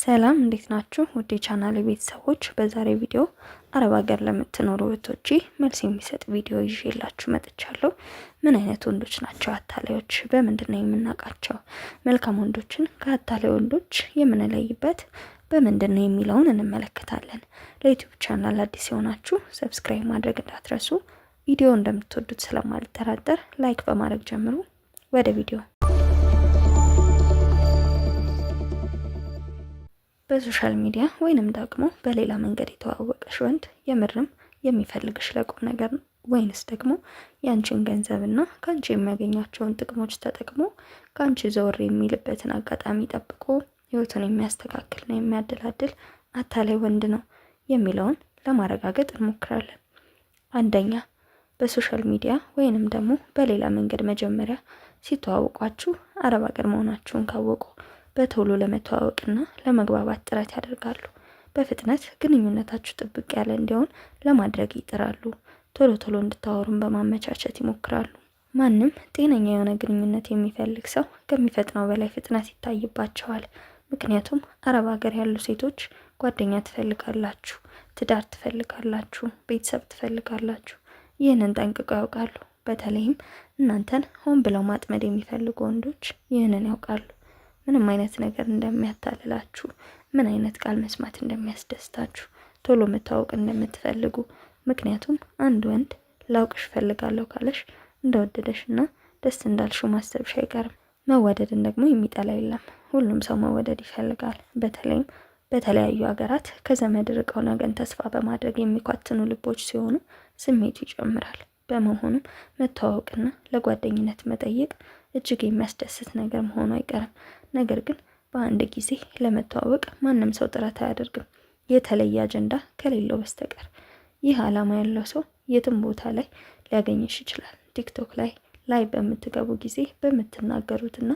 ሰላም እንዴት ናችሁ? ውድ የቻናል ቤተሰቦች፣ በዛሬ ቪዲዮ አረብ ሀገር ለምትኖሩ እህቶቼ መልስ የሚሰጥ ቪዲዮ ይዤላችሁ መጥቻለሁ። ምን አይነት ወንዶች ናቸው አታላዮች? በምንድን ነው የምናውቃቸው? መልካም ወንዶችን ከአታላይ ወንዶች የምንለይበት በምንድን ነው የሚለውን እንመለከታለን። ለዩቲዩብ ቻናል አዲስ የሆናችሁ ሰብስክራይብ ማድረግ እንዳትረሱ። ቪዲዮ እንደምትወዱት ስለማልጠራጠር ላይክ በማድረግ ጀምሩ። ወደ ቪዲዮ በሶሻል ሚዲያ ወይንም ደግሞ በሌላ መንገድ የተዋወቀሽ ወንድ የምርም የሚፈልግሽ ለቁም ነገር ነው ወይንስ ደግሞ የአንቺን ገንዘብና ከአንቺ የሚያገኛቸውን ጥቅሞች ተጠቅሞ ከአንቺ ዘወር የሚልበትን አጋጣሚ ጠብቆ ህይወቱን የሚያስተካክልና የሚያደላድል አታላይ ወንድ ነው የሚለውን ለማረጋገጥ እንሞክራለን። አንደኛ፣ በሶሻል ሚዲያ ወይንም ደግሞ በሌላ መንገድ መጀመሪያ ሲተዋወቋችሁ አረብ ሀገር መሆናችሁን ካወቁ በቶሎ ለመተዋወቅና ለመግባባት ጥረት ያደርጋሉ። በፍጥነት ግንኙነታችሁ ጥብቅ ያለ እንዲሆን ለማድረግ ይጥራሉ። ቶሎ ቶሎ እንድታወሩን በማመቻቸት ይሞክራሉ። ማንም ጤነኛ የሆነ ግንኙነት የሚፈልግ ሰው ከሚፈጥነው በላይ ፍጥነት ይታይባቸዋል። ምክንያቱም አረብ ሀገር ያሉ ሴቶች ጓደኛ ትፈልጋላችሁ፣ ትዳር ትፈልጋላችሁ፣ ቤተሰብ ትፈልጋላችሁ። ይህንን ጠንቅቀው ያውቃሉ። በተለይም እናንተን ሆን ብለው ማጥመድ የሚፈልጉ ወንዶች ይህንን ያውቃሉ። ምንም አይነት ነገር እንደሚያታልላችሁ፣ ምን አይነት ቃል መስማት እንደሚያስደስታችሁ ቶሎ መታወቅ እንደምትፈልጉ። ምክንያቱም አንድ ወንድ ላውቅሽ ፈልጋለሁ ካለሽ እንደወደደሽ እና ደስ እንዳልሽው ማሰብሽ አይቀርም። መወደድን ደግሞ የሚጠላ የለም። ሁሉም ሰው መወደድ ይፈልጋል። በተለይም በተለያዩ ሀገራት ከዘመድ ርቀው ነገን ተስፋ በማድረግ የሚኳትኑ ልቦች ሲሆኑ ስሜቱ ይጨምራል። በመሆኑም መተዋወቅና ለጓደኝነት መጠየቅ እጅግ የሚያስደስት ነገር መሆኑ አይቀርም። ነገር ግን በአንድ ጊዜ ለመተዋወቅ ማንም ሰው ጥረት አያደርግም የተለየ አጀንዳ ከሌለው በስተቀር። ይህ ዓላማ ያለው ሰው የትም ቦታ ላይ ሊያገኝሽ ይችላል። ቲክቶክ ላይ ላይ በምትገቡ ጊዜ በምትናገሩትና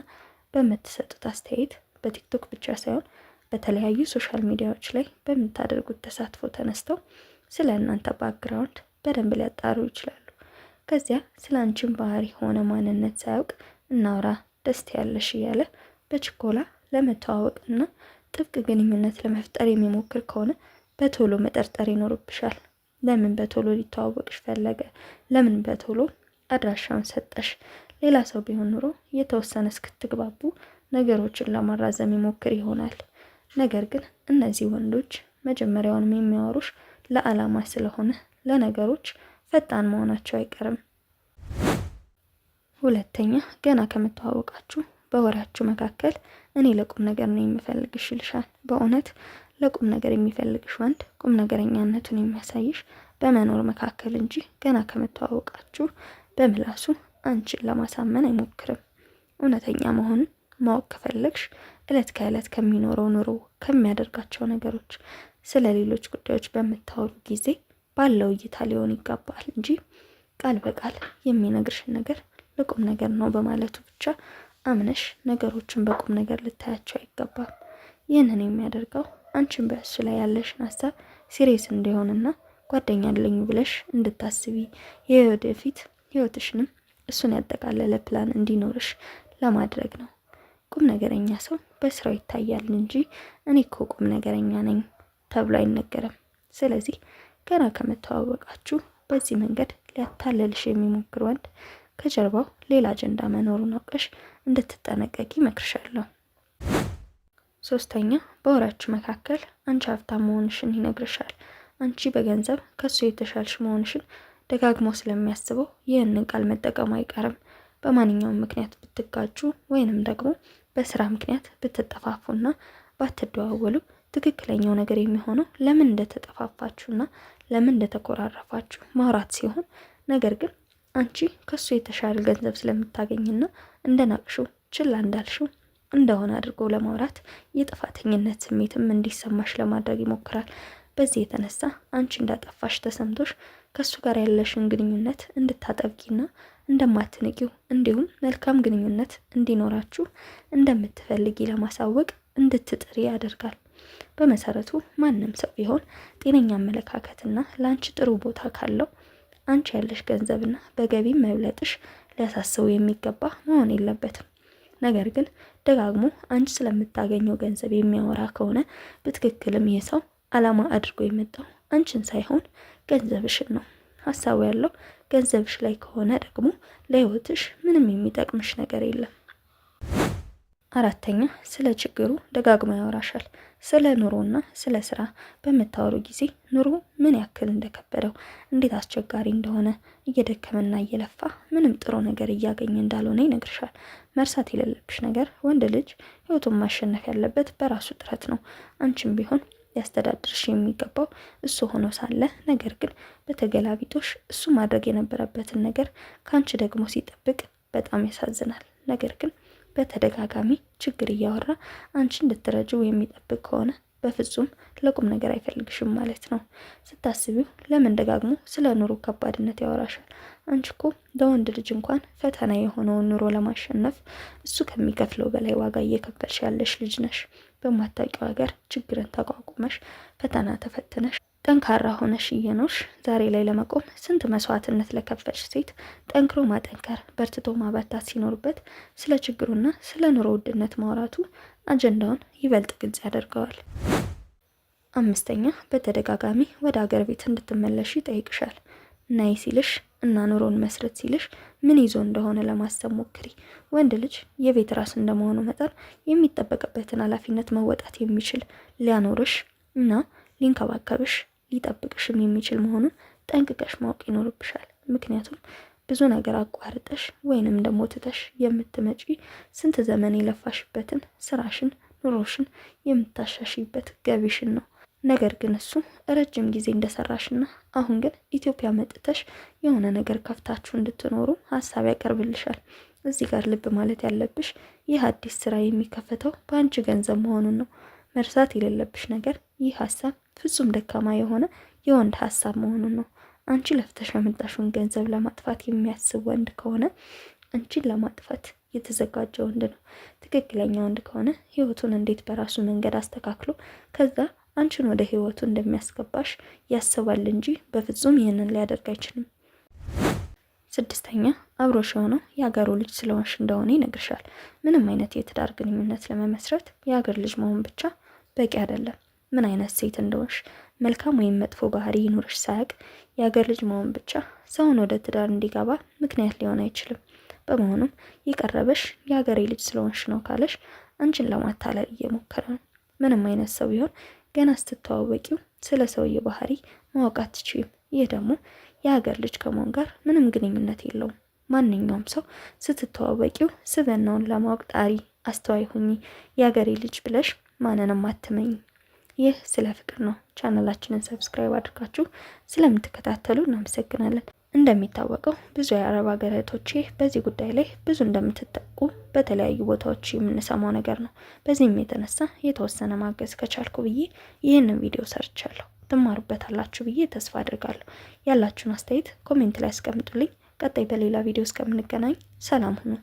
በምትሰጡት አስተያየት በቲክቶክ ብቻ ሳይሆን በተለያዩ ሶሻል ሚዲያዎች ላይ በምታደርጉት ተሳትፎ ተነስተው ስለ እናንተ ባክግራውንድ በደንብ ሊያጣሩ ይችላሉ። ከዚያ ስለ አንቺን ባህሪ ሆነ ማንነት ሳያውቅ እናውራ ደስት ያለሽ እያለ በችኮላ ለመተዋወቅና ጥብቅ ግንኙነት ለመፍጠር የሚሞክር ከሆነ በቶሎ መጠርጠር ይኖርብሻል። ለምን በቶሎ ሊተዋወቅሽ ፈለገ? ለምን በቶሎ አድራሻውን ሰጠሽ? ሌላ ሰው ቢሆን ኑሮ የተወሰነ እስክትግባቡ ነገሮችን ለማራዘም ይሞክር ይሆናል። ነገር ግን እነዚህ ወንዶች መጀመሪያውንም የሚያወሩሽ ለዓላማ ስለሆነ ለነገሮች ፈጣን መሆናቸው አይቀርም። ሁለተኛ ገና ከምትዋወቃችሁ? በወራችሁ መካከል እኔ ለቁም ነገር ነው የሚፈልግሽ ይልሻል። በእውነት ለቁም ነገር የሚፈልግሽ ወንድ ቁም ነገረኛነቱን የሚያሳይሽ በመኖር መካከል እንጂ ገና ከመተዋወቃችሁ በምላሱ አንቺን ለማሳመን አይሞክርም። እውነተኛ መሆን ማወቅ ከፈለግሽ እለት ከእለት ከሚኖረው ኑሮ፣ ከሚያደርጋቸው ነገሮች፣ ስለ ሌሎች ጉዳዮች በምታወሩ ጊዜ ባለው እይታ ሊሆን ይገባል እንጂ ቃል በቃል የሚነግርሽን ነገር ለቁም ነገር ነው በማለቱ ብቻ አምነሽ ነገሮችን በቁም ነገር ልታያቸው አይገባም። ይህንን የሚያደርገው አንቺን በእሱ ላይ ያለሽን ሀሳብ ሲሪየስ እንዲሆንና ጓደኛ አለኝ ብለሽ እንድታስቢ የወደፊት ህይወትሽንም እሱን ያጠቃለለ ፕላን እንዲኖርሽ ለማድረግ ነው። ቁም ነገረኛ ሰው በስራው ይታያል እንጂ እኔ እኮ ቁም ነገረኛ ነኝ ተብሎ አይነገርም። ስለዚህ ገና ከመተዋወቃችሁ በዚህ መንገድ ሊያታለልሽ የሚሞክር ወንድ ከጀርባው ሌላ አጀንዳ መኖሩን አውቀሽ እንድትጠነቀቂ ይመክርሻለሁ። ሶስተኛ በወሬያችሁ መካከል አንቺ ሀብታም መሆንሽን ይነግርሻል። አንቺ በገንዘብ ከሱ የተሻልሽ መሆንሽን ደጋግሞ ስለሚያስበው ይህንን ቃል መጠቀሙ አይቀርም። በማንኛውም ምክንያት ብትጋጩ ወይንም ደግሞ በስራ ምክንያት ብትጠፋፉና ባትደዋወሉ ትክክለኛው ነገር የሚሆነው ለምን እንደተጠፋፋችሁና ለምን እንደተኮራረፋችሁ ማውራት ሲሆን ነገር ግን አንቺ ከሱ የተሻለ ገንዘብ ስለምታገኝና ናቅሹ ችላ እንዳልሹ እንደሆነ አድርጎ ለማውራት የጥፋተኝነት ስሜትም እንዲሰማሽ ለማድረግ ይሞክራል። በዚህ የተነሳ አንቺ እንዳጠፋሽ ተሰምቶሽ ከእሱ ጋር ያለሽን ግንኙነት እንድታጠብቂና እንደማትንቂው እንዲሁም መልካም ግንኙነት እንዲኖራችሁ እንደምትፈልጊ ለማሳወቅ እንድትጥሪ ያደርጋል። በመሰረቱ ማንም ሰው ቢሆን ጤነኛ አመለካከትና ለአንቺ ጥሩ ቦታ ካለው አንቺ ያለሽ ገንዘብና በገቢም መብለጥሽ ሊያሳስቡ የሚገባ መሆን የለበትም። ነገር ግን ደጋግሞ አንቺ ስለምታገኘው ገንዘብ የሚያወራ ከሆነ በትክክልም ይህ ሰው ዓላማ አድርጎ የመጣው አንቺን ሳይሆን ገንዘብሽን ነው። ሀሳቡ ያለው ገንዘብሽ ላይ ከሆነ ደግሞ ለህይወትሽ ምንም የሚጠቅምሽ ነገር የለም። አራተኛ ስለ ችግሩ ደጋግሞ ያወራሻል። ስለ ኑሮና ስለ ስራ በምታወሩ ጊዜ ኑሮ ምን ያክል እንደከበደው፣ እንዴት አስቸጋሪ እንደሆነ እየደከመና እየለፋ ምንም ጥሩ ነገር እያገኘ እንዳልሆነ ይነግርሻል። መርሳት የሌለብሽ ነገር ወንድ ልጅ ህይወቱን ማሸነፍ ያለበት በራሱ ጥረት ነው። አንቺም ቢሆን ሊያስተዳድርሽ የሚገባው እሱ ሆኖ ሳለ ነገር ግን በተገላቢጦሽ እሱ ማድረግ የነበረበትን ነገር ከአንቺ ደግሞ ሲጠብቅ በጣም ያሳዝናል። ነገር ግን በተደጋጋሚ ችግር እያወራ አንቺ እንድትረጅው የሚጠብቅ ከሆነ በፍጹም ለቁም ነገር አይፈልግሽም ማለት ነው። ስታስቢው ለምን ደጋግሞ ስለ ኑሮ ከባድነት ያወራሻል? አንቺ እኮ ለወንድ ልጅ እንኳን ፈተና የሆነውን ኑሮ ለማሸነፍ እሱ ከሚከፍለው በላይ ዋጋ እየከፈልሽ ያለሽ ልጅ ነሽ። በማታውቂው ሀገር ችግርን ተቋቁመሽ ፈተና ተፈትነሽ ጠንካራ ሆነሽ እየኖርሽ ዛሬ ላይ ለመቆም ስንት መስዋዕትነት ለከፈልሽ ሴት ጠንክሮ ማጠንከር በርትቶ ማበርታት ሲኖርበት ስለ ችግሩና ስለ ኑሮ ውድነት ማውራቱ አጀንዳውን ይበልጥ ግልጽ ያደርገዋል። አምስተኛ በተደጋጋሚ ወደ አገር ቤት እንድትመለሽ ይጠይቅሻል። ናይ ሲልሽ እና ኑሮን መስረት ሲልሽ ምን ይዞ እንደሆነ ለማሰብ ሞክሪ። ወንድ ልጅ የቤት ራስ እንደመሆኑ መጠን የሚጠበቅበትን ኃላፊነት መወጣት የሚችል ሊያኖርሽ እና ሊንከባከብሽ ሊጠብቅሽም የሚችል መሆኑን ጠንቅቀሽ ማወቅ ይኖርብሻል። ምክንያቱም ብዙ ነገር አቋርጠሽ ወይንም ደግሞ ትተሽ የምትመጪ ስንት ዘመን የለፋሽበትን ስራሽን፣ ኑሮሽን የምታሻሽበት ገቢሽን ነው። ነገር ግን እሱ ረጅም ጊዜ እንደሰራሽና አሁን ግን ኢትዮጵያ መጥተሽ የሆነ ነገር ከፍታችሁ እንድትኖሩ ሀሳብ ያቀርብልሻል። እዚህ ጋር ልብ ማለት ያለብሽ ይህ አዲስ ስራ የሚከፈተው በአንቺ ገንዘብ መሆኑን ነው። መርሳት የሌለብሽ ነገር ይህ ሀሳብ ፍጹም ደካማ የሆነ የወንድ ሀሳብ መሆኑን ነው። አንቺ ለፍተሽ ያመጣሽውን ገንዘብ ለማጥፋት የሚያስብ ወንድ ከሆነ አንቺን ለማጥፋት የተዘጋጀ ወንድ ነው። ትክክለኛ ወንድ ከሆነ ህይወቱን እንዴት በራሱ መንገድ አስተካክሎ ከዛ አንቺን ወደ ህይወቱ እንደሚያስገባሽ ያስባል እንጂ በፍጹም ይህንን ሊያደርግ አይችልም። ስድስተኛ አብሮሽ የሆነው የሀገሩ ልጅ ስለሆንሽ እንደሆነ ይነግርሻል። ምንም አይነት የትዳር ግንኙነት ለመመስረት የሀገር ልጅ መሆን ብቻ በቂ አይደለም። ምን አይነት ሴት እንደሆንሽ፣ መልካም ወይም መጥፎ ባህሪ ይኑርሽ ሳያውቅ የአገር ልጅ መሆን ብቻ ሰውን ወደ ትዳር እንዲገባ ምክንያት ሊሆን አይችልም። በመሆኑም የቀረበሽ የአገሬ ልጅ ስለሆንሽ ነው ካለሽ አንቺን ለማታለል እየሞከረ ነው። ምንም አይነት ሰው ቢሆን ገና ስትተዋወቂው ስለ ሰውየው ባህሪ ማወቅ አትችይም። ይህ ደግሞ የሀገር ልጅ ከመሆን ጋር ምንም ግንኙነት የለውም። ማንኛውም ሰው ስትተዋወቂው ስብናውን ለማወቅ ጣሪ፣ አስተዋይ ሁኚ። የሀገሬ ልጅ ብለሽ ማንንም አትመኝ። ይህ ስለ ፍቅር ነው። ቻናላችንን ሰብስክራይብ አድርጋችሁ ስለምትከታተሉ እናመሰግናለን። እንደሚታወቀው ብዙ የአረብ ሀገር እህቶቼ በዚህ ጉዳይ ላይ ብዙ እንደምትጠቁ በተለያዩ ቦታዎች የምንሰማው ነገር ነው። በዚህም የተነሳ የተወሰነ ማገዝ ከቻልኩ ብዬ ይህንን ቪዲዮ ሰርቻለሁ። ትማሩበታላችሁ ብዬ ተስፋ አድርጋለሁ። ያላችሁን አስተያየት ኮሜንት ላይ አስቀምጡልኝ። ቀጣይ በሌላ ቪዲዮ እስከምንገናኝ ሰላም ሁኑ።